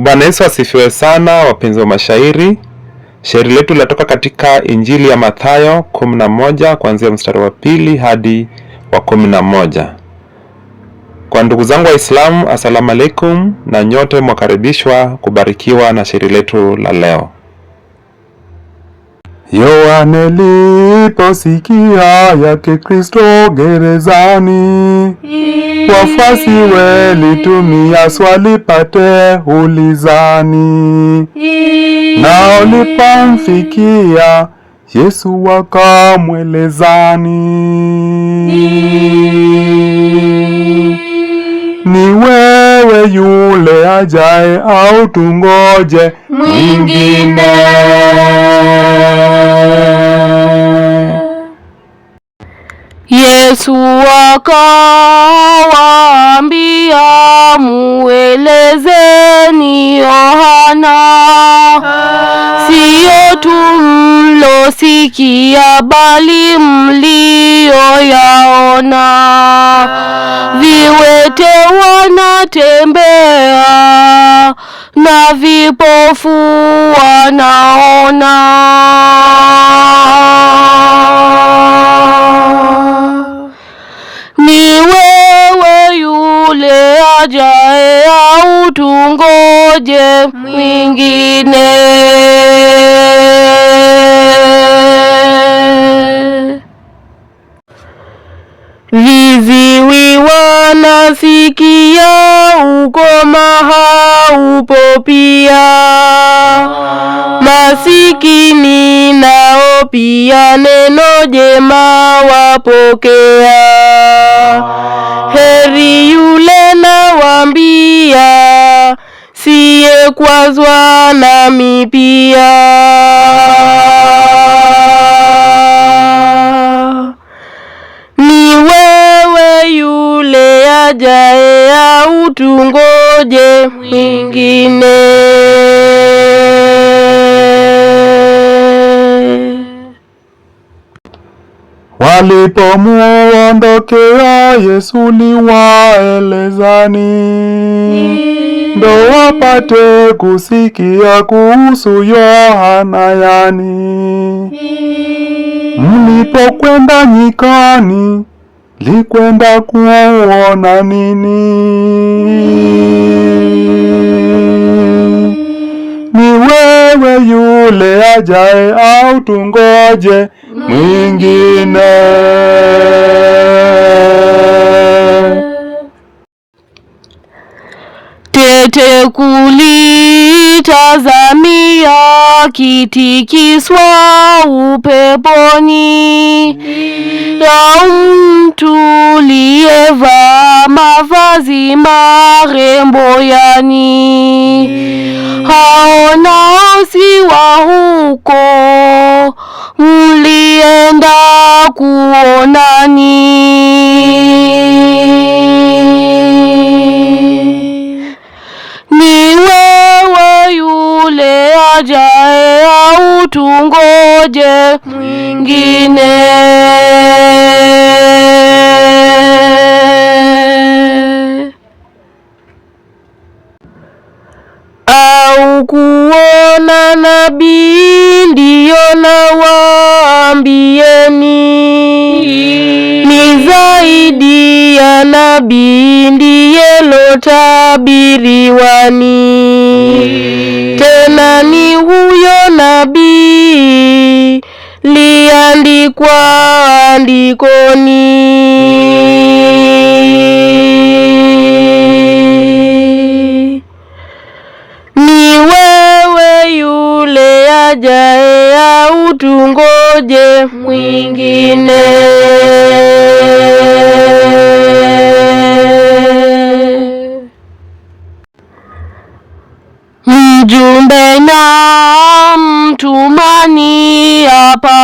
Bwana Yesu asifiwe sana, wapenzi wa mashairi. Shairi letu linatoka katika Injili ya Mathayo 11 kuanzia mstari wa pili hadi wa 11. Kwa ndugu zangu Waislamu, assalamu alaikum, na nyote mwakaribishwa kubarikiwa na shairi letu la leo. Yohane liposikia yake Kristo gerezani, wafasi walitumia swali pate ulizani, nao lipomfikia Yesu wakamwelezani Mngojee yule ajaye, au tungoje mwingine? Yesu akawaambia, muelezeni Yohana siyo mlosikia, bali mlio tembea na vipofu wanaona. Ni wewe yule ajae, au tungoje mwingine? Kufikia ukoma haupo pia, masikini nao pia neno jema wapokea. Heri yule nawambia siye kwazwa nami pia. tungoje mwingine. Walipomuondokea Yesu liwaelezani, ndo wapate kusikia kuhusu Yohana yani. Mlipokwenda nyikani likwenda kuona nini? Ni wewe yule ajaye au tungoje mwingine? Tete kulitazamia akitikiswa upeponi na mtu liyevaa mavazi marembo yani haona si wa huko mlienda kuonani nyingine. Au kuona nabii? Ndiyo, nawaambieni ni zaidi ya nabii ndiye lotabiriwani, tena ni huyo nabii liandikwa andikoni. Ni wewe yule ajaye, au tungoje mwingine? Mjumbe na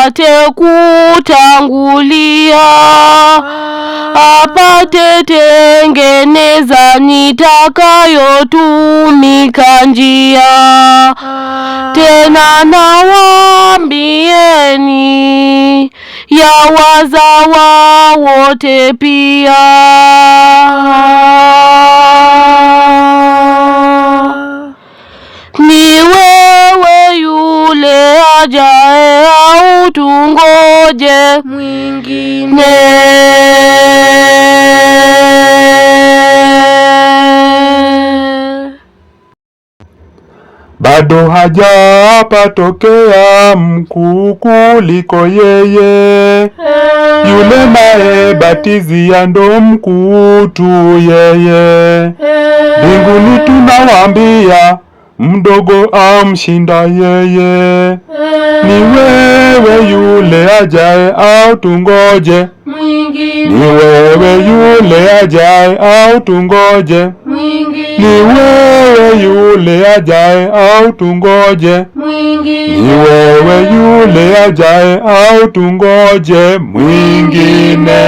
apate kutangulia, ah. apate tengeneza nitakayotumika njia. Ah. Tena nawaambieni ya wazawa wote pia ah. ni wewe yule aja tungoje mwingine. Bado hajapatokea mkuu kuliko yeye, eh. yule naye batizi ya ndo mkuu tu yeye. Eh. Mbinguni tunawaambia mdogo amshinda yeye, ni wewe yule ajaye, au tungoje? Ni wewe yule ajaye, au tungoje? Ni wewe yule ajaye, au tungoje? Ni wewe yule ajaye, au tungoje mwingine?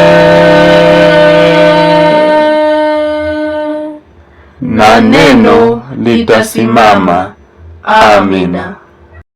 na neno litasimama. Amina.